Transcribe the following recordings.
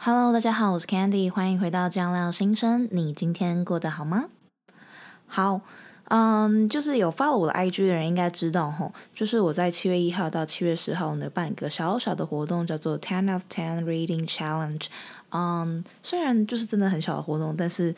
Hello，大家好，我是 Candy，歡迎回到醬料心聲。你今天過得好嗎？好，嗯，就是有 follow 我的 IG 的人應該知道吼，就是我在七月一號到七月十號呢，辦一個小小的活動，叫做 Ten of Ten Reading Challenge。嗯，雖然就是真的很小的活動，但是，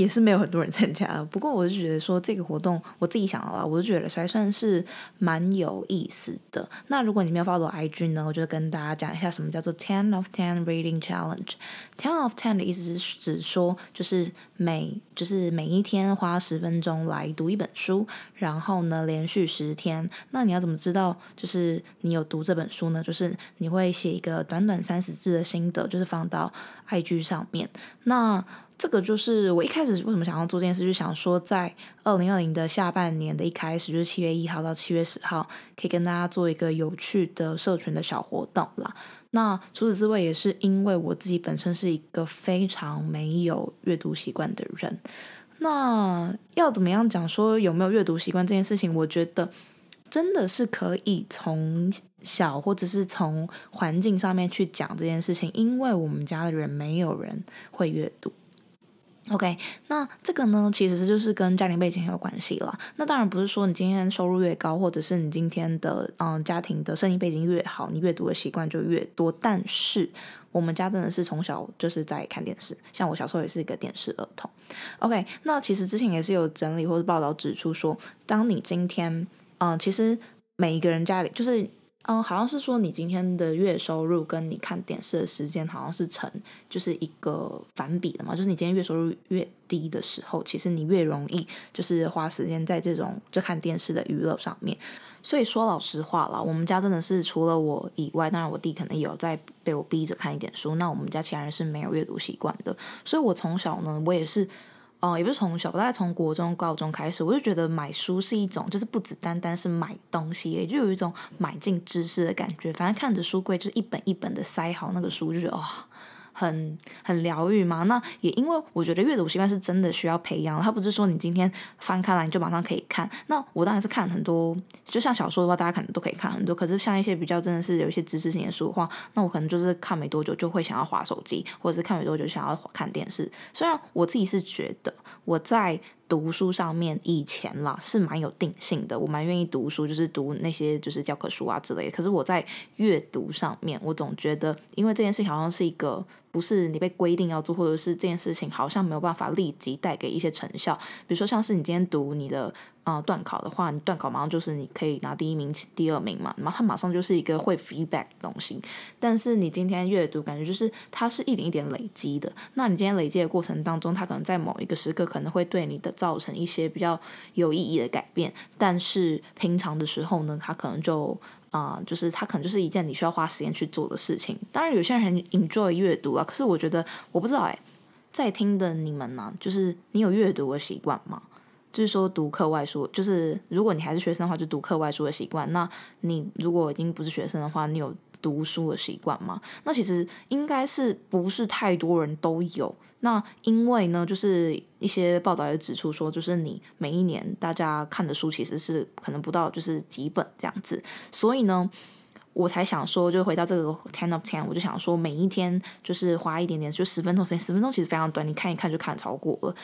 也是沒有很多人參加的，不過我是覺得說這個活動我自己想的話，我就覺得還算是蠻有意思的。那如果你沒有 follow IG 呢，我就跟大家講一下什麼叫做 Ten of Ten Reading Challenge。Ten of Ten 的意思是指說就是每就是每一天花十分鐘來讀一本書，然後呢連續十天。那你要怎麼知道就是你有讀這本書呢？就是你會寫一個短短三十字的心得，就是放到 IG 上面。那這個就是我一開始為什麼想要做這件事，就是、想說在二零二零的下半年的一開始，就是七月一號到七月十號，可以跟大家做一個有趣的社群的小活動啦。那除此之外，也是因為我自己本身是一個非常沒有閱讀習慣的人。那要怎麼樣講說有沒有閱讀習慣這件事情？我覺得真的是可以從小，或者是從環境上面去講這件事情，因為我們家的人沒有人會閱讀。OK，那這個呢，其實就是跟家庭背景有關係了。那當然不是說你今天收入越高，或者是你今天的嗯、呃、家庭的生意背景越好，你閱讀的習慣就越多。但是我們家真的是從小就是在看電視，像我小時候也是一個電視兒童。OK，那其實之前也是有整理或者報道指出說，當你今天嗯、呃，其實每一個人家裡就是。嗯，好像是說你今天的月收入跟你看電視的時間好像是成就是一個反比的嘛，就是你今天月收入越低的時候，其實你越容易就是花時間在這種就看電視的娛樂上面。所以說老實話啦，我們家真的是除了我以外，當然我弟可能也有在被我逼着看一點書，那我們家其他人是沒有閱讀習慣的。所以我從小呢，我也是。哦，也不是從小，大概從國中、高中開始，我就覺得買書是一種，就是不只單單是買東西，也就有一種買進知識的感覺。反正看着書櫃，就是一本一本的塞好那個書，就是哇。哦很很療癒嘛？那也因為我覺得閱讀習慣是真的需要培養。他不是說你今天翻開來你就馬上可以看。那我當然是看很多，就像小說的話，大家可能都可以看很多。可是像一些比較真的是有一些知識性的書的話，那我可能就是看沒多久就會想要滑手機，或者是看沒多久想要看電視。雖然我自己是覺得我在讀書上面，以前啦，是蠻有定性的，我蠻願意讀書，就是讀那些就是教科書啊之類的。可是我在閱讀上面，我總覺得，因為這件事情好像是一個不是你被規定要做，或者是這件事情好像沒有辦法立即帶給一些成效，比如說像是你今天讀你的。啊，呃，段考的話，你段考馬上就是你可以拿第一名、第二名嘛，然後它馬上就是一個會 feedback 的東西。但是你今天閱讀感覺就是它是一點一點累積的，那你今天累積的過程當中，它可能在某一個時刻可能會對你的造成一些比較有意義的改變。但是平常的時候呢，它可能就啊、呃，就是它可能就是一件你需要花時間去做的事情。當然，有些人很 enjoy 閱讀啊，可是我覺得我不知道哎、欸，在聽的你們呢、啊，就是你有閱讀的習慣嗎？就是說讀課外書，就是如果你還是學生的話，就讀課外書的習慣。那你如果已經不是學生的話，你有讀書的習慣嗎？那其實應該是不是太多人都有。那因為呢，就是一些報道也指出說，就是你每一年大家看的書其實是可能不到就是幾本這樣子。所以呢，我才想說，就回到這個 ten of ten，我就想說，每一天就是花一點點，就十分鐘時間，十分鐘其實非常短，你看一看就看超過了。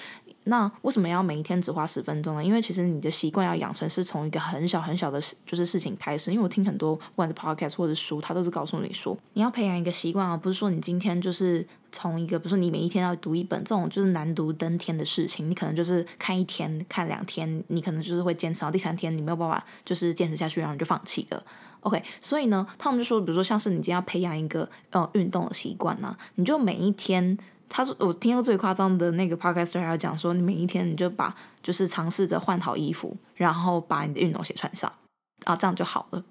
那為什麼要每一天只花十分鐘呢？因為其實你的習慣要養成，是從一個很小很小的事，就是事情開始。因為我聽很多不管是 podcast 或者書，他都是告訴你說，你要培養一個習慣啊，不是說你今天就是從一個，比如說你每一天要讀一本這種就是難讀登天的事情，你可能就是看一天看兩天，你可能就是會堅持到第三天，你沒有辦法就是堅持下去，然後你就放棄了。OK，所以呢，他們就說，比如說像是你今天要培養一個呃運動的習慣呢、啊，你就每一天。他說：“我聽過最誇張的那個 podcaster 講說，你每一天你就把就是嘗試着換好衣服，然後把你的運動鞋穿上啊，這樣就好了。”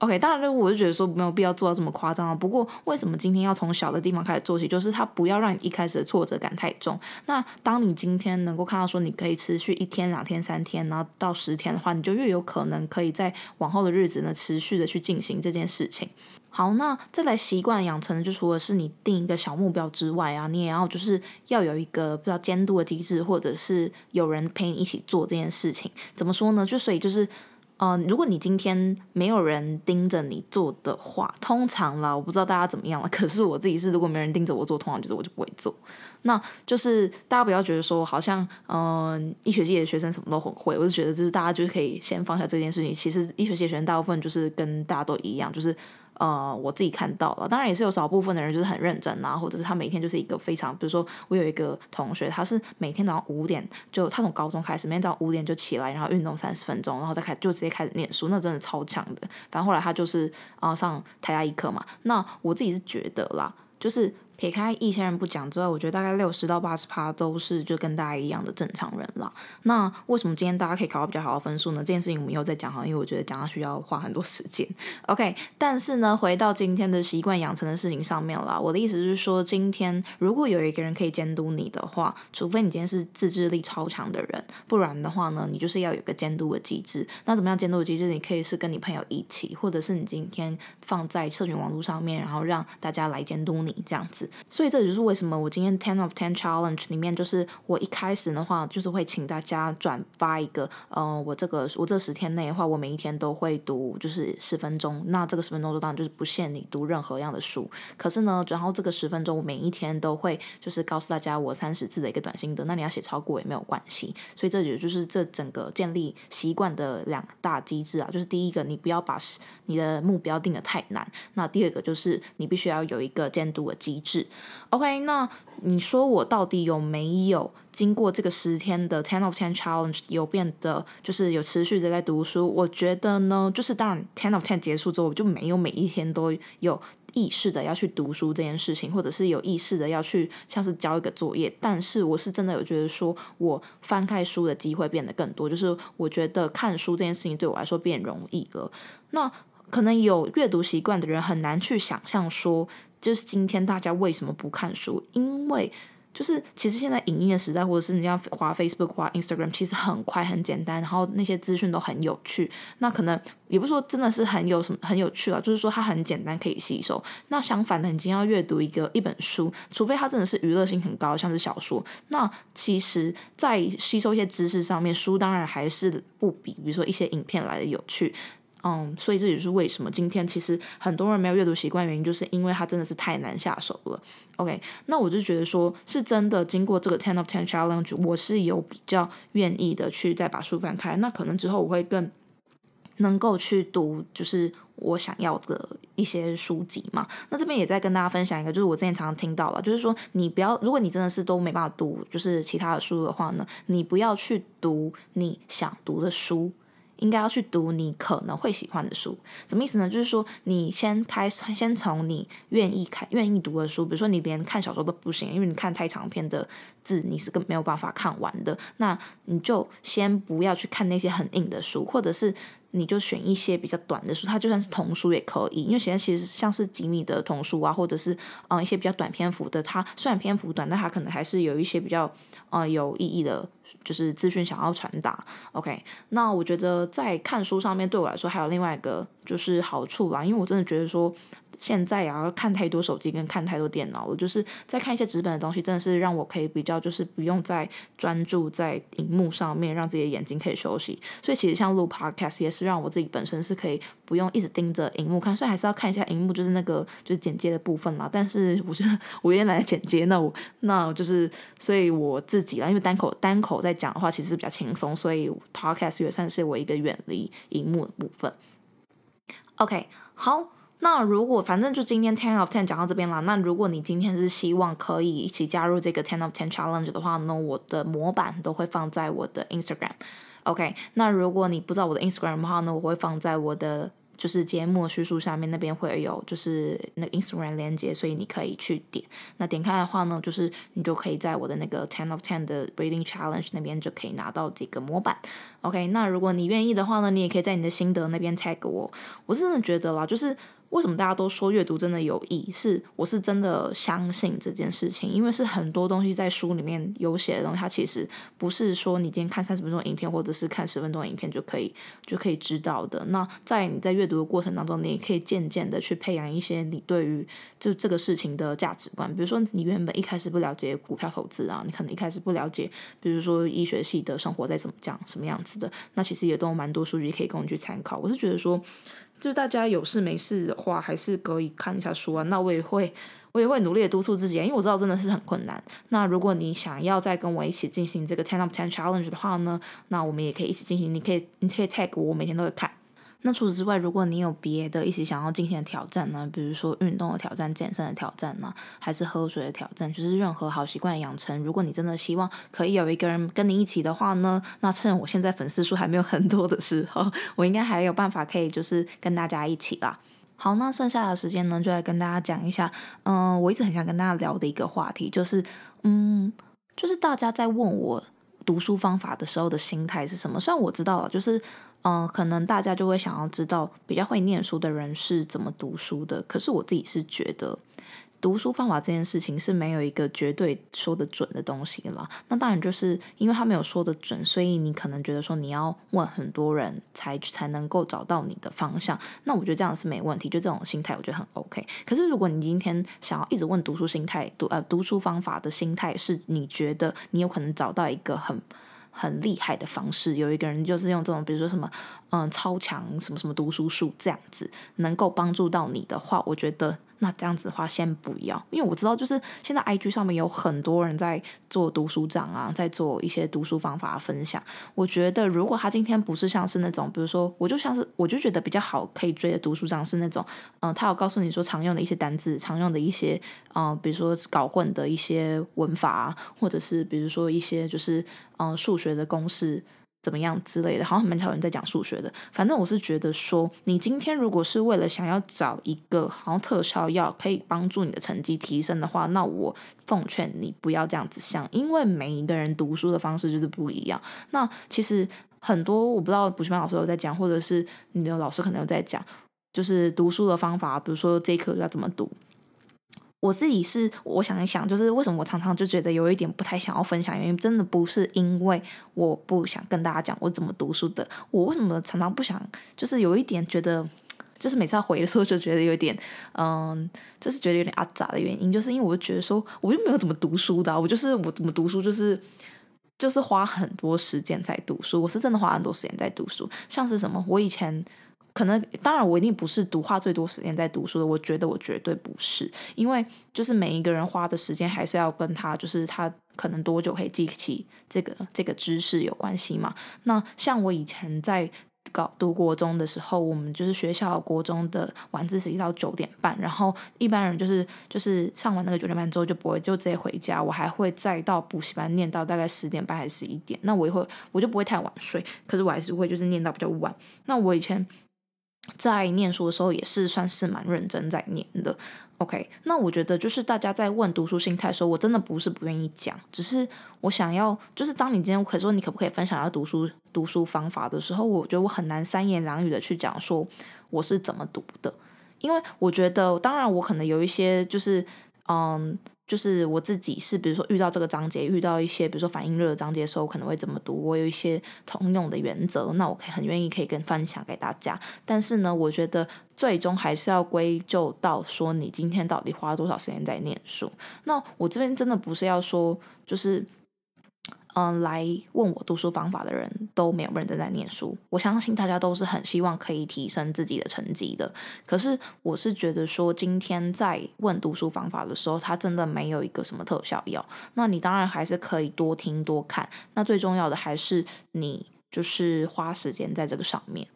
OK，當然，就我就覺得說，沒有必要做到這麼誇張啊。不過，為什麼今天要從小的地方開始做起？就是它不要讓你一開始的挫折感太重。那當你今天能夠看到說你可以持續一天、兩天、三天，然後到十天的話，你就越有可能可以在往後的日子呢持續的去進行這件事情。好，那再來，習慣養成，就除了是你定一個小目標之外啊，你也要就是要有一個比較監督的機制，或者是有人陪你一起做這件事情。怎麼說呢？就所以就是。嗯、呃，如果你今天沒有人盯着你做的話，通常啦，我不知道大家怎麼樣了。可是我自己是，如果沒人盯着我做，通常就是我就不會做。那就是大家不要覺得說好像，嗯、呃，醫學系的學生什麼都很會。我就覺得就是大家就是可以先放下這件事情。其實醫學系的學生大部分就是跟大家都一樣，就是。呃，我自己看到了，當然也是有少部分的人就是很認真啊，或者是他每天就是一個非常，比如說我有一個同學，他是每天早上五點就，他從高中開始每天早上五點就起來，然後運動三十分鐘，然後再開就直接開始念書，那真的超強的。然後後來他就是啊、呃，上台大醫科嘛，那我自己是覺得啦，就是。撇開一千人不講之外，我覺得大概六十到八十趴都是就跟大家一樣的正常人啦。那為什麼今天大家可以考到比較好的分數呢？這件事情我們以後再講哈，因為我覺得講它需要花很多時間。OK，但是呢，回到今天的習慣養成的事情上面啦，我的意思就是說，今天如果有一個人可以監督你的話，除非你今天是自制力超強的人，不然的話呢，你就是要有一個監督的機制。那怎麼樣監督的機制？你可以是跟你朋友一起，或者是你今天放在社群網路上面，然後讓大家來監督你這樣子。所以這就是為什麼我今天 Ten of Ten Challenge 裡面，就是我一開始的話，就是會請大家轉發一個，呃，我這個我這十天內的話，我每一天都會讀，就是十分鐘。那這個十分鐘就當然就是不限你讀任何樣的書，可是呢，然後這個十分鐘我每一天都會就是告訴大家我三十字的一個短心得，那你要寫超過也沒有關係。所以這就就是這整個建立習慣的兩大機制啊，就是第一個你不要把你的目標定得太難，那第二個就是你必須要有一個監督的機制。OK，那你說我到底有沒有經過這個十天的10 of 10 challenge，有變得就是有持續的在讀書？我覺得呢，就是當然10 of 10結束之後我就沒有每一天都有意識的要去讀書這件事情，或者是有意識的要去像是交一個作業。但是我是真的有覺得說我翻開書的機會變得更多，就是我覺得看書這件事情對我來說變容易了。那可能有閱讀習慣的人很難去想象，說就是今天大家為什麼不看書？因為就是其實現在影音的時代，或者是你要滑 Facebook、滑 Instagram，其實很快、很簡單，然後那些資訊都很有趣。那可能也不是說真的是很有什麼很有趣啊，就是說它很簡單可以吸收。那相反的，你今天要閱讀一個一本書，除非它真的是娛樂性很高，像是小說。那其實，在吸收一些知識上面，書當然還是不比，比如說一些影片來的有趣。嗯，所以這也是為什麼今天其實很多人沒有閱讀習慣，原因就是因為他真的是太難下手了。OK，那我就覺得說，是真的經過這個 Ten of Ten Challenge，我是有比較願意的去再把書翻開。那可能之後我會更能夠去讀，就是我想要的一些書籍嘛。那這邊也再跟大家分享一個，就是我之前常常聽到了，就是說你不要，如果你真的是都沒辦法讀，就是其他的書的話呢，你不要去讀你想讀的書。應該要去讀你可能會喜歡的書，什麼意思呢？就是說你先開，先從你願意看、願意讀的書。比如說你連看小說都不行，因為你看太長篇的字你是更沒有辦法看完的。那你就先不要去看那些很硬的書，或者是你就選一些比較短的書，它就算是童書也可以。因為現在其實像是幾米的童書啊，或者是嗯、呃、一些比較短篇幅的，它雖然篇幅短，但它可能還是有一些比較嗯、呃、有意義的。就是資訊想要傳達，OK。那我覺得在看書上面對我來說還有另外一個就是好處啦，因為我真的覺得說現在也要看太多手機跟看太多電腦了，就是在看一些紙本的東西，真的是讓我可以比較就是不用再專注在熒幕上面，讓自己的眼睛可以休息。所以其實像錄 Podcast 也是讓我自己本身是可以不用一直盯着熒幕看，雖然還是要看一下熒幕，就是那個就是剪接的部分啦。但是我覺得我有點懶得剪接，那我，那我就是，所以我自己啦，因為單口單口。我在講的話其實是比較輕鬆，所以 Podcast 也算是我一個遠離熒幕的部分。OK，好，那如果反正就今天 Ten of Ten 講到這邊啦，那如果你今天是希望可以一起加入這個 Ten of Ten Challenge 的話呢，我的模板都會放在我的 Instagram。OK，那如果你不知道我的 Instagram 的話呢，我會放在我的。就是節目敘述下面那邊會有，就是那個 Instagram 鏈接，所以你可以去點。那點開的話呢，就是你就可以在我的那個 Ten of Ten 的 Reading Challenge 那邊就可以拿到這個模板。OK，那如果你願意的話呢，你也可以在你的心得那邊 Tag 我。我是真的覺得啦，就是。為什麼大家都說閱讀真的有意義。是，我是真的相信這件事情，因為是很多東西在書裡面有寫的東西，它其實不是說你今天看三十分鐘影片或者是看十分鐘影片就可以就可以知道的。那在你在閱讀的過程當中，你也可以漸漸的去培養一些你對於就這個事情的價值觀。比如說你原本一開始不了解股票投資啊，你可能一開始不了解，比如說醫學系的生活在怎麼講什麼樣子的，那其實也都有蠻多數據可以供你去參考。我是覺得說。就是大家有事沒事的話，還是可以看一下書啊。那我也會，我也會努力的督促自己啊，因為我知道真的是很困難。那如果你想要再跟我一起進行這個10 of 10 Challenge 的話呢，那我們也可以一起進行。你可以，你可以 tag 我，我每天都有看。那除此之外，如果你有別的一起想要進行的挑戰呢，比如說運動的挑戰、健身的挑戰呢、啊，還是喝水的挑戰，就是任何好習慣的養成，如果你真的希望可以有一個人跟你一起的話呢，那趁我現在粉絲數還沒有很多的時候，我應該還有辦法可以就是跟大家一起啦。好，那剩下的時間呢，就來跟大家講一下，嗯，我一直很想跟大家聊的一個話題，就是嗯，就是大家在問我讀書方法的時候的心態是什麼？雖然我知道了，就是。嗯，可能大家就會想要知道比較會唸書的人是怎麼讀書的。可是我自己是覺得，讀書方法這件事情是沒有一個絕對說得準的東西啦。那當然就是因為他沒有說得準，所以你可能覺得說你要問很多人才才能夠找到你的方向。那我覺得這樣是沒問題，就這種心態我覺得很 OK。可是如果你今天想要一直問讀書心態、讀呃讀書方法的心態，是你覺得你有可能找到一個很。很厲害的方式，有一個人就是用這種，比如說什麼，嗯，超強什麼什麼讀書術這樣子，能夠幫助到你的話，我覺得。那這樣子的話，先不要，因為我知道，就是現在 IG 上面有很多人在做讀書帳啊，在做一些讀書方法分享。我覺得，如果他今天不是像是那種，比如說，我就像是我就覺得比較好可以追的讀書帳是那種，嗯、呃，他有告訴你說常用的一些單字，常用的一些，嗯、呃，比如說搞混的一些文法啊，或者是比如說一些就是，嗯、呃，數學的公式。怎麼樣之類的，好像很蠻少有人在講數學的。反正我是覺得說，你今天如果是為了想要找一個好像特效藥可以幫助你的成績提升的話，那我奉勸你不要這樣子想，因為每一個人讀書的方式就是不一樣。那其實很多我不知道補習班老師有在講，或者是你的老師可能有在講，就是讀書的方法，比如說這一課要怎麼讀。我自己是，我想一想，就是為什麼我常常就覺得有一點不太想要分享，原因真的不是因為我不想跟大家講我怎麼讀書的，我為什麼常常不想，就是有一點覺得，就是每次要回的時候就覺得有點，嗯，就是覺得有點阿雜的原因，就是因為我覺得說我又沒有怎麼讀書的，啊，我就是我怎麼讀書就是就是花很多時間在讀書，我是真的花很多時間在讀書，像是什麼我以前。可能當然，我一定不是讀花最多時間在讀書的。我覺得我絕對不是，因為就是每一個人花的時間還是要跟他就是他可能多久可以記起這個這個知識有關係嘛。那像我以前在搞讀國中的時候，我們就是學校國中的晚自習到九點半，然後一般人就是就是上完那個九點半之後就不會就直接回家，我還會再到補習班念到大概十點半還是十一點。那我也會我就不會太晚睡，可是我還是會就是念到比較晚。那我以前。在念書的時候也是算是蠻認真在念的。OK，那我覺得就是大家在問讀書心態的時候，我真的不是不願意講，只是我想要就是當你今天我可以說你可不可以分享一下讀書讀書方法的時候，我覺得我很難三言兩語的去講說我是怎麼讀的，因為我覺得當然我可能有一些就是嗯。就是我自己是，比如說遇到這個章節，遇到一些比如說反應熱的章節的時候，可能會怎麼讀，我有一些通用的原則，那我可以很願意可以跟分享給大家。但是呢，我覺得最終還是要歸咎到說，你今天到底花了多少時間在念書。那我這邊真的不是要說，就是。嗯、呃，來問我讀書方法的人都沒有認真在念書。我相信大家都是很希望可以提升自己的成績的。可是我是覺得說，今天在問讀書方法的時候，它真的沒有一個什麼特效藥。那你當然還是可以多聽多看。那最重要的還是你就是花時間在這個上面。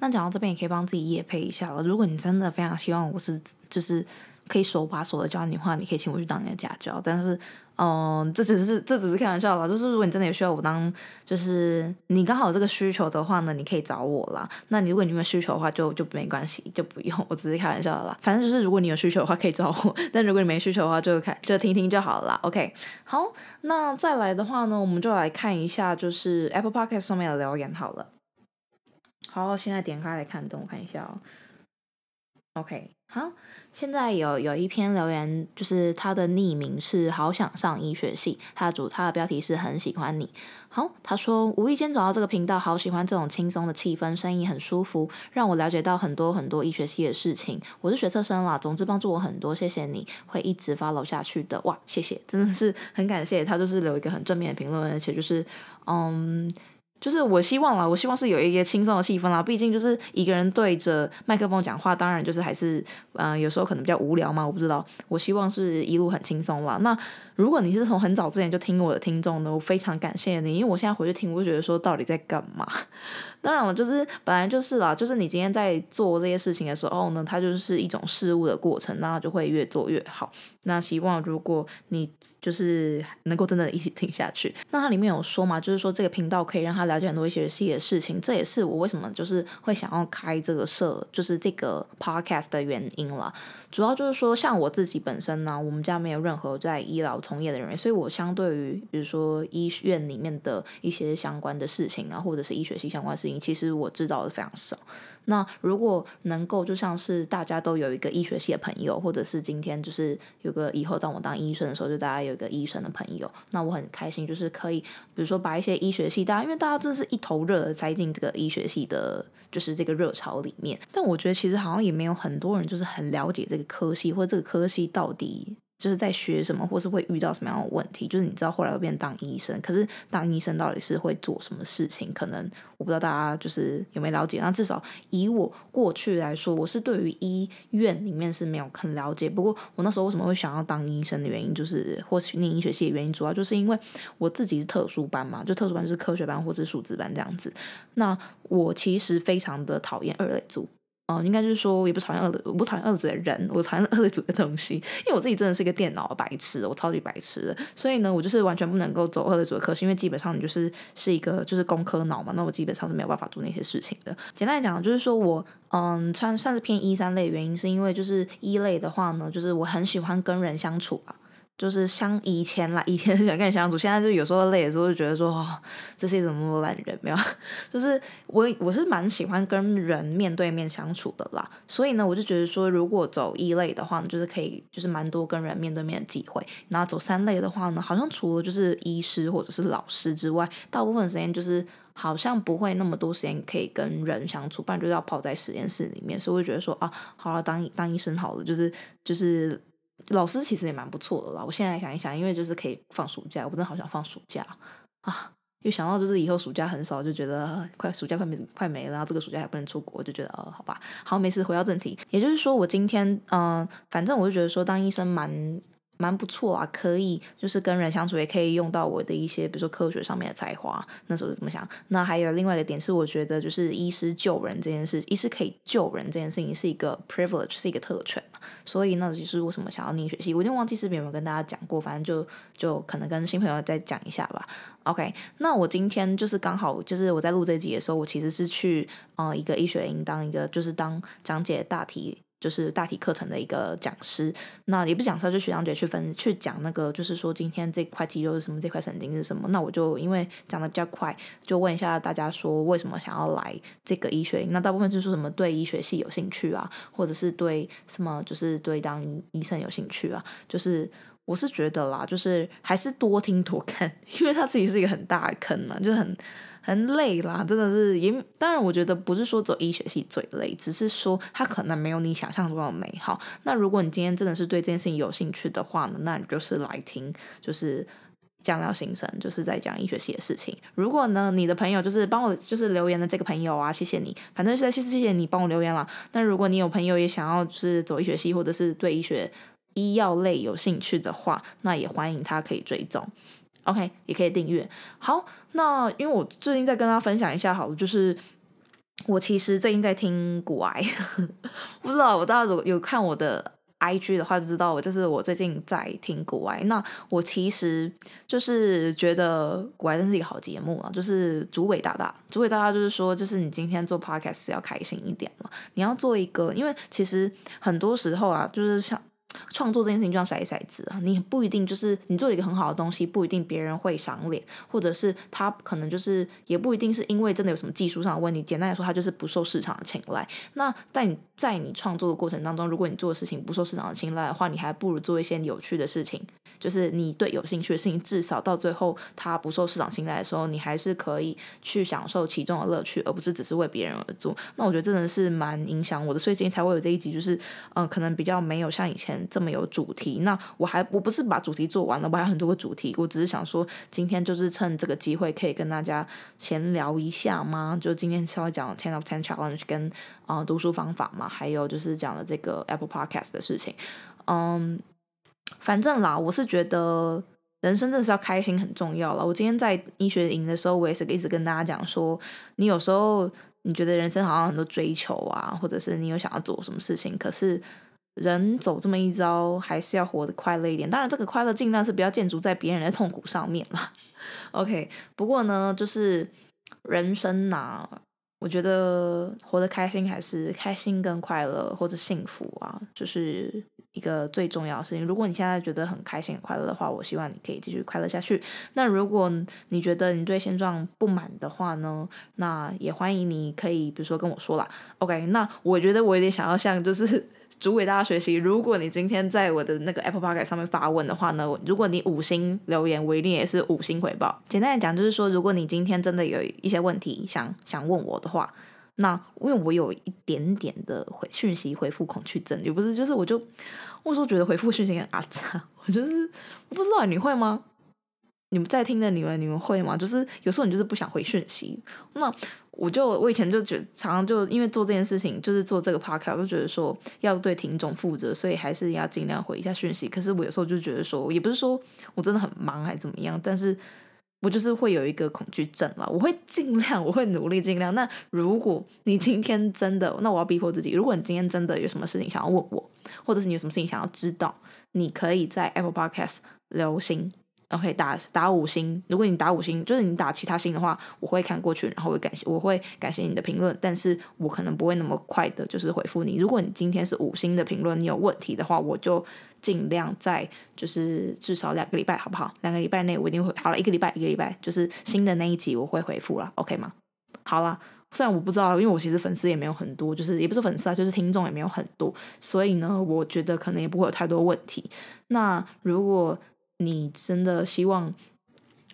那講到這邊也可以幫自己業配一下了。如果你真的非常希望，我是就是。可以手把手的教你的話，你可以請我去當你的家教，但是，嗯，這只是這只是開玩笑啦。就是如果你真的有需要我當，就是你剛好有這個需求的話呢，你可以找我啦。那你如果你沒有需求的話就，就就沒關係，就不用。我只是開玩笑的啦。反正就是如果你有需求的話可以找我，但如果你沒需求的話就看就聽聽就好了啦。OK，好，那再來的話呢，我們就來看一下就是 Apple Podcast 上面的留言好了。好，現在點開來看，等我看一下哦。OK。好，現在有有一篇留言，就是他的匿名是好想上醫學系，他主他的標題是很喜歡你。好，他說，無意間找到這個頻道，好喜歡這種輕鬆的氣氛，聲音很舒服，讓我了解到很多很多醫學系的事情。我是學測生啦，總之幫助我很多，謝謝你，會一直 follow 下去的。哇，謝謝，真的是很感謝。他就是留一個很正面的評論，而且就是嗯。就是我希望啦，我希望是有一個輕鬆的氣氛啦。畢竟就是一個人對着麥克風講話，當然就是還是，嗯、呃，有時候可能比較無聊嘛。我不知道，我希望是一路很輕鬆啦。那。如果你是從很早之前就聽我的聽眾呢，我非常感謝你，因為我現在回去聽，我就覺得說到底在幹嘛？當然了，就是本來就是啦，就是你今天在做這些事情的時候呢，它就是一種事物的過程，那就會越做越好。那希望如果你就是能夠真的一起聽下去，那它裡面有說嘛，就是說這個頻道可以讓他了解很多一些細的事情，這也是我為什麼就是會想要開這個社，就是這個 podcast 的原因啦。主要就是說，像我自己本身呢，我們家沒有任何在醫療從業的人員，所以我相對於比如說醫院裡面的一些相關的事情啊，或者是醫學系相關的事情，其實我知道的非常少。那如果能夠就像是大家都有一個醫學系的朋友，或者是今天就是有個以後當我當醫生的時候，就大家有一個醫生的朋友，那我很開心，就是可以比如說把一些醫學系大家，因為大家真的是一頭熱栽進這個醫學系的，就是這個熱潮裡面。但我覺得其實好像也沒有很多人就是很了解這個科系，或者這個科系到底。就是在學什麼，或是會遇到什麼樣的問題。就是你知道後來會變當醫生，可是當醫生到底是會做什麼事情？可能我不知道大家就是有沒有了解。那至少以我過去來說，我是對於醫院裡面是沒有很了解。不過我那時候為什麼會想要當醫生的原因，就是或許念醫學系的原因，主要就是因為我自己是特殊班嘛，就特殊班就是科學班或是數字班這樣子。那我其實非常的討厭二類組。哦、嗯，應該就是說，我也不討厭二的，我不討厭二組的人，我討厭二組的東西，因為我自己真的是一個電腦的白痴，我超級白痴的，所以呢，我就是完全不能夠走二的主的科室，因為基本上你就是是一個就是工科腦嘛，那我基本上是沒有辦法做那些事情的。簡單來講，就是說我嗯，穿算是偏一、e、三類，原因是因為就是一、e、類的話呢，就是我很喜歡跟人相處吧、啊就是像以前啦，以前想跟你相處，現在就有時候累的時候，就覺得說，哦，這是一種懶人沒有。就是我我是蠻喜歡跟人面對面相處的啦，所以呢，我就覺得說，如果走一類的話呢，就是可以，就是蠻多跟人面對面的機會。然後走三類的話呢，好像除了就是醫師或者是老師之外，大部分時間就是好像不會那麼多時間可以跟人相處，不然就是要泡在實驗室裡面。所以我就覺得說，啊，好了，當當醫生好了，就是就是。老師其實也蠻不錯的啦，我現在想一想，因為就是可以放暑假，我真的好想放暑假啊！又想到就是以後暑假很少，就覺得快暑假快沒快沒了，然後這個暑假還不能出國，就覺得呃，好吧，好，沒事，回到正題，也就是說我今天嗯、呃，反正我就覺得說當醫生蠻。蠻不錯啊，可以，就是跟人相處也可以用到我的一些，比如說科學上面的才華。那時候是怎麼想？那還有另外一個點是，我覺得就是醫師救人這件事，醫師可以救人這件事情是一個 privilege，是一個特權。所以那就是為什麼想要念醫學系，我已經忘記是有沒有跟大家講過，反正就就可能跟新朋友再講一下吧。OK，那我今天就是剛好，就是我在錄這集的時候，我其實是去嗯、呃、一個醫學營當一個，就是當講解大題。就是大體課程的一個講師，那也不講他就學長姐去分去講那個，就是說今天這塊肌肉是什麼，這塊神經是什麼。那我就因為講的比較快，就問一下大家說為什麼想要來這個醫學，那大部分就是說什麼對醫學系有興趣啊，或者是對什麼就是對當醫生有興趣啊？就是我是覺得啦，就是還是多聽多看，因為他自己是一個很大的坑呢、啊，就很。很累啦，真的是，也當然，我覺得不是說走醫學系最累，只是說它可能沒有你想象中的美好。那如果你今天真的是對這件事情有興趣的話呢，那你就是來聽，就是醬料心聲，就是在講醫學系的事情。如果呢，你的朋友就是幫我就是留言的這個朋友啊，謝謝你，反正是謝謝謝你幫我留言啦。那如果你有朋友也想要就是走醫學系，或者是對醫學醫藥類有興趣的話，那也歡迎他可以追蹤。OK，也可以訂閱。好，那因為我最近在跟大家分享一下，好了，就是我其實最近在聽股癌， 不知道我大家如果有看我的 IG 的話，就知道我就是我最近在聽股癌。那我其實就是覺得股癌真是一個好節目啊，就是主委大大，主委大大就是說，就是你今天做 podcast 要開心一點嘛，你要做一個，因為其實很多時候啊，就是像。創作這件事情就像甩骰、骰子啊，你不一定就是你做了一個很好的東西，不一定別人會賞臉，或者是他可能就是也不一定是因為真的有什麼技術上的問題。簡單來說，它就是不受市場的青睞。那在你在你創作的過程當中，如果你做的事情不受市場的青睞的話，你還不如做一些有趣的事情。就是你對有興趣的事情，至少到最後它不受市場青睞的時候，你還是可以去享受其中的樂趣，而不是只是為別人而做。那我覺得真的是蠻影響我的，所以今天才會有這一集。就是嗯、呃，可能比較沒有像以前。這麼有主題，那我還我不是把主題做完了，我還有很多個主題，我只是想說，今天就是趁這個機會可以跟大家閒聊一下嗎？就今天稍微講10 of 10 challenge，跟啊、呃、讀書方法嘛，還有就是講了這個 Apple Podcast 的事情，嗯，反正啦，我是覺得人生真的是要開心很重要了。我今天在醫學營的時候，我也是一直跟大家講說，你有時候你覺得人生好像很多追求啊，或者是你有想要做什麼事情，可是。人走這麼一遭，還是要活得快樂一點。當然，這個快樂儘量是不要建築在別人的痛苦上面了。 OK，不過呢，就是人生吶、啊，我覺得活得開心還是開心跟快樂或者幸福啊，就是一個最重要的事情。如果你現在覺得很開心、快樂的話，我希望你可以繼續快樂下去。那如果你覺得你對現狀不滿的話呢，那也歡迎你可以，比如說跟我說啦。OK，那我覺得我有點想要像就是。主給大家學習。如果你今天在我的那個 Apple Podcast 上面發問的話呢，如果你五星留言，我一定也是五星回報。簡單來講，就是說，如果你今天真的有一些問題想想問我的話，那因為我有一點點的回訊息回復恐懼症，也不是，就是我就我說覺得回復訊息很阿雜，我就是我不知道你會嗎？你們在聽的你們，你們會嗎？就是有時候你就是不想回訊息，那我就我以前就覺得，得常常就因為做這件事情，就是做這個 podcast，我就覺得說要對聽眾負責，所以還是要盡量回一下訊息。可是我有時候就覺得說，也不是說我真的很忙還怎麼樣，但是我就是會有一個恐懼症了。我會盡量，我會努力盡量。那如果你今天真的，那我要逼迫自己。如果你今天真的有什麼事情想要問我，或者是你有什麼事情想要知道，你可以在 Apple Podcast 留心。OK，打打五星。如果你打五星，就是你打其他星的話，我會看過去，然後會感謝，我會感謝你的評論。但是我可能不會那麼快的，就是回復你。如果你今天是五星的評論，你有問題的話，我就盡量在，就是至少兩個禮拜，好不好？兩個禮拜內我一定會。好啦，一個禮拜，一個禮拜，就是新的那一集我會回復了，OK 嗎？好啦，雖然我不知道，因為我其實粉絲也沒有很多，就是也不是粉絲啊，就是聽眾也沒有很多，所以呢，我覺得可能也不會有太多問題。那如果。你真的希望，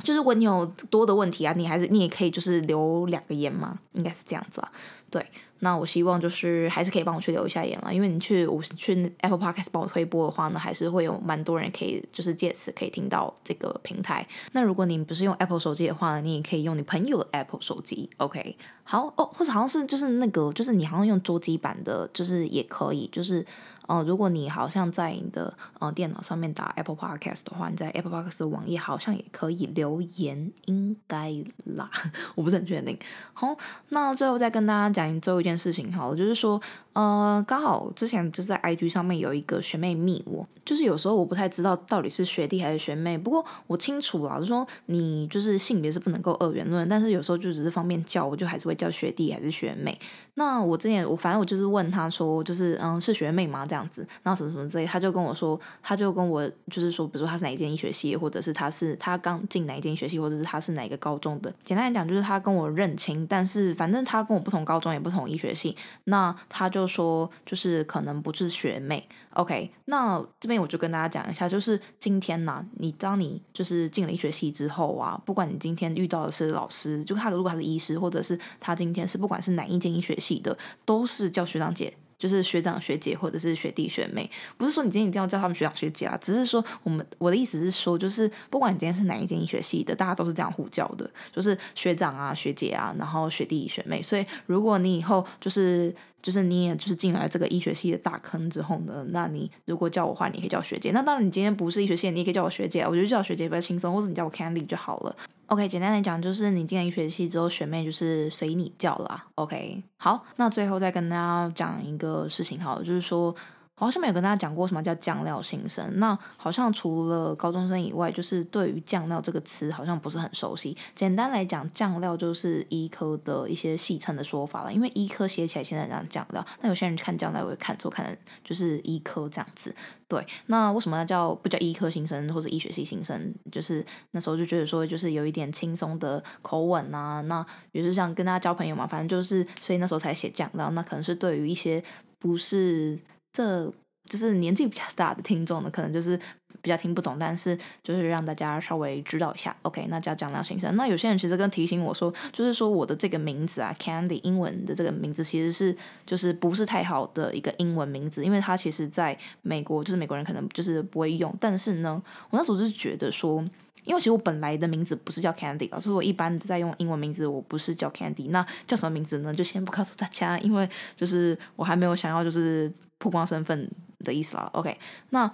就是如果你有多的問題啊，你還是你也可以就是留兩個言嘛，應該是這樣子啊。對，那我希望就是還是可以幫我去留一下言啦，因為你去我去 Apple Podcast 幫我推播的話呢，還是會有蠻多人可以就是借此可以聽到這個平台。那如果你不是用 Apple 手機的話呢，你也可以用你朋友的 Apple 手機。OK，好哦，或者好像是就是那個就是你好像用桌機版的，就是也可以，就是。哦、呃，如果你好像在你的呃電腦上面打 Apple Podcast 的話，你在 Apple Podcast 的網頁好像也可以留言，應該啦，我不是很確定。好，那最後再跟大家講最後一件事情哈，就是說呃，剛好之前就是在 IG 上面有一個學妹密我，就是有時候我不太知道到底是學弟還是學妹，不過我清楚啦，就是說你就是性別是不能夠二元論，但是有時候就只是方便叫，我就還是會叫學弟還是學妹。那我之前我反正我就是問他說，就是嗯，是學妹嗎？這樣子，然後什麼什麼之類，他就跟我說，他就跟我就是說，比如說他是哪一間醫學系，或者是他是他剛進哪一間醫學系，或者是他是哪一個高中的，簡單來講就是他跟我認親，但是反正他跟我不同高中也不同醫學系，那他就說就是可能不是學妹。OK，那這邊我就跟大家講一下，就是今天呢、啊，你當你就是進了醫學系之後啊，不管你今天遇到的是老師，就他如果他是醫師，或者是他今天是不管是哪一間醫學系的，都是叫學長姐，就是學長學姐或者是學弟學妹。不是說你今天一定要叫他們學長學姐啊，只是說我們我的意思是說，就是不管你今天是哪一間醫學系的，大家都是這樣呼叫的，就是學長啊學姐啊，然後學弟學妹。所以如果你以後就是。就是你也就是進來這個醫學系的大坑之後呢，那你如果叫我的話，你也可以叫學姐。那當然你今天不是醫學系的，你也可以叫我學姐。我覺得叫學姐比較輕鬆，或者你叫我 Candy 就好了。OK，簡單的講就是你進來醫學系之後，學妹就是隨你叫啦。OK，好，那最後再跟大家講一個事情哈，就是說。好像沒有跟大家講過什麼叫醬料心聲，那好像除了高中生以外，就是對於醬料這個詞好像不是很熟悉。簡單來講，醬料就是醫科的一些戲稱的說法了，因為醫科寫起來其實很像醬料，但有些人看醬料會看錯，看成就是醫科這樣子。對，那為什麼要叫不叫醫科心聲或者醫學系心聲？就是那時候就覺得說，就是有一點輕鬆的口吻啊，那也是想跟大家交朋友嘛，反正就是，所以那時候才寫醬料。那可能是對於一些不是。這就是年紀比較大的聽眾呢，可能就是。比較聽不懂，但是就是讓大家稍微知道一下。OK，那就要講醬料心聲。那有些人其實跟提醒我說，就是說我的這個名字啊，Candy，英文的這個名字其實是就是不是太好的一個英文名字，因為它其實在美國就是美國人可能就是不會用。但是呢，我那時候就是覺得說，因為其實我本來的名字不是叫 Candy 啊，所以我一般在用英文名字，我不是叫 Candy，那叫什麼名字呢？就先不告訴大家，因為就是我還沒有想要就是曝光身份的意思啦。OK，那。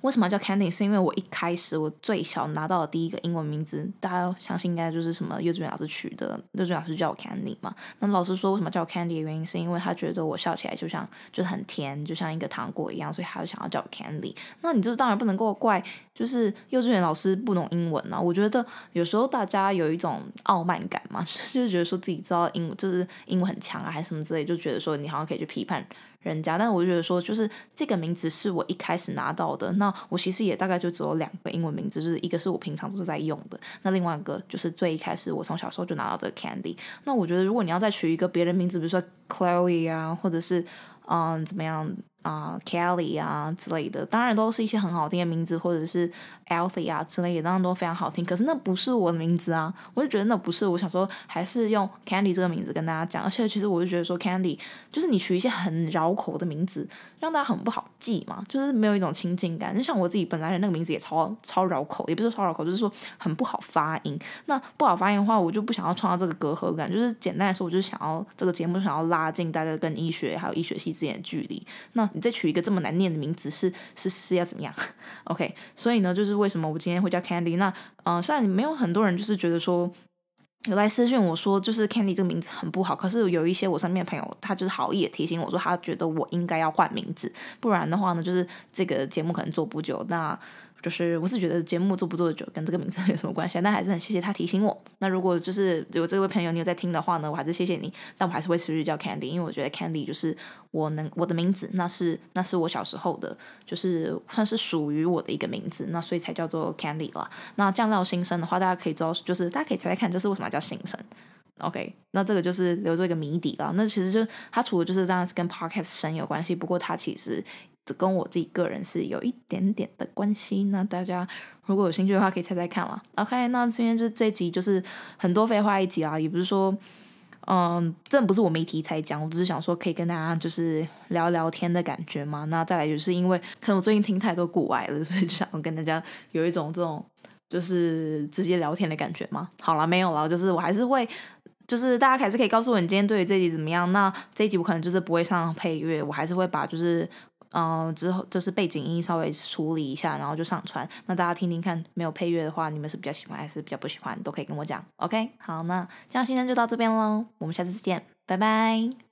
為什麼叫 Candy？是因為我一開始我最小拿到的第一個英文名字，大家相信應該就是什麼幼稚園老師取的，幼稚園老師叫我 Candy 嘛。那老師說為什麼叫我 Candy 的原因，是因為他覺得我笑起來就像就很甜，就像一個糖果一樣，所以他就想要叫我 Candy。那你這當然不能夠怪，就是幼稚園老師不懂英文啊。我覺得有時候大家有一種傲慢感嘛，就是、覺得說自己知道英，就是英文很強啊，還是什麼之類，就覺得說你好像可以去批判。人家，但我就覺得說，就是這個名字是我一開始拿到的。那我其實也大概就只有兩個英文名字，就是一個是我平常都是在用的，那另外一個就是最一開始我從小時候就拿到這 Candy。那我覺得，如果你要再取一個別人名字，比如說 Chloe 啊，或者是嗯、呃、怎麼樣啊、呃，Kelly 啊之類的，當然都是一些很好聽的名字，或者是。Healthy 啊之類也當然都非常好聽，可是那不是我的名字啊，我就覺得那不是我想說，還是用 Candy 這個名字跟大家講。而且其實我就覺得說，Candy 就是你取一些很繞口的名字，讓大家很不好記嘛，就是沒有一種親近感。就像我自己本來的那個名字也超超繞口，也不是超繞口，就是說很不好發音。那不好發音的話，我就不想要創造這個隔閡感。就是簡單來說，我就想要這個節目想要拉近大家跟醫學還有醫學系之間的距離。那你再取一個這麼難念的名字，是是是要怎麼樣？OK，所以呢，就是。為什麼我今天會叫 Candy？那，呃，雖然沒有很多人就是覺得說有在私信我說，就是 Candy 這個名字很不好，可是有一些我身邊的朋友，他就是好意也提醒我說，他覺得我應該要換名字，不然的話呢，就是這個節目可能做不久。那。就是我是覺得節目做不做得久跟這個名字沒有什麼關係啊。但還是很謝謝他提醒我。那如果就是有這位朋友你有在聽的話呢，我還是謝謝你。但我還是會持續叫 Candy，因為我覺得 Candy 就是我能我的名字，那是那是我小時候的，就是算是屬於我的一個名字，那所以才叫做 Candy 啦。那講到心聲的話，大家可以知道，就是大家可以猜猜看，這是為什麼叫心聲。OK，那這個就是留作一個謎底了。那其實就它除了就是當然是跟 podcast 聲有關係，不過它其實。只跟我自己個人是有一點點的關係，那大家如果有興趣的話，可以猜猜看啦。OK，那今天就這集，就是很多廢話一集啊，也不是說，嗯，這不是我沒題材講，我只是想說可以跟大家就是聊聊天的感覺嘛。那再來就是因為可能我最近聽太多古外了，所以就想跟大家有一種這種就是直接聊天的感覺嘛。好了，沒有了，就是我還是會，就是大家還是可以告訴我你今天對於這集怎麼樣。那這集我可能就是不會上配樂，我還是會把就是。嗯、呃，之後就是背景音稍微處理一下，然後就上傳。那大家聽聽看，沒有配樂的話，你們是比較喜歡還是比較不喜歡？都可以跟我講。OK，好，那這樣今天就到這邊嘍，我們下次再見，拜拜。